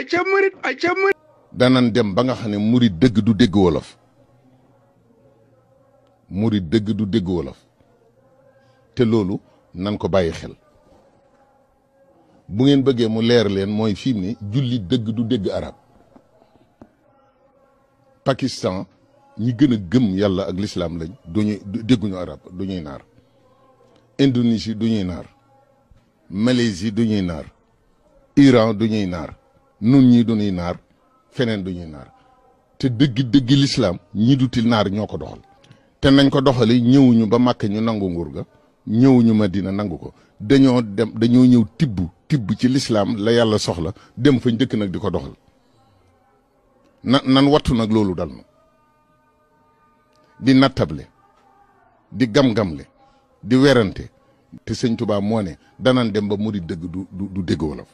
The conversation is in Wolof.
ay ca murit danan dem ba nga xam ne muri dëgg du dégg wolof muri dëgg du dégg wolof te loolu nan ko bàyyi xel bu ngeen bëggee mu leer leen mooy fi mu ne jullit dëgg du dégg arab Pakistan ñi gën a gëm yàlla ak lislaam lañ duñuy dégguñu arab du ñuy naar Indonésie du ñuy naar Malaisie du ñuy naar Iran du ñuy naar nun ñii duñuy naar feneen duñuy naar te dëgg dëgg lislaam du ti naar ñoo ko doxal te nañ ko doxali ñëwuñu ba màkk ñu nangu nguur ga ñëwuñu dina nangu ko dañoo dem dañoo ñëw tibb tibb ci lislaam la yàlla soxla dem fañ dëkk nag di ko doxal na nan wattu nag loolu dal na di nattable di gam-gamle di werante te sëñ Tuubaa moo ne danan dem ba murid dëgg du du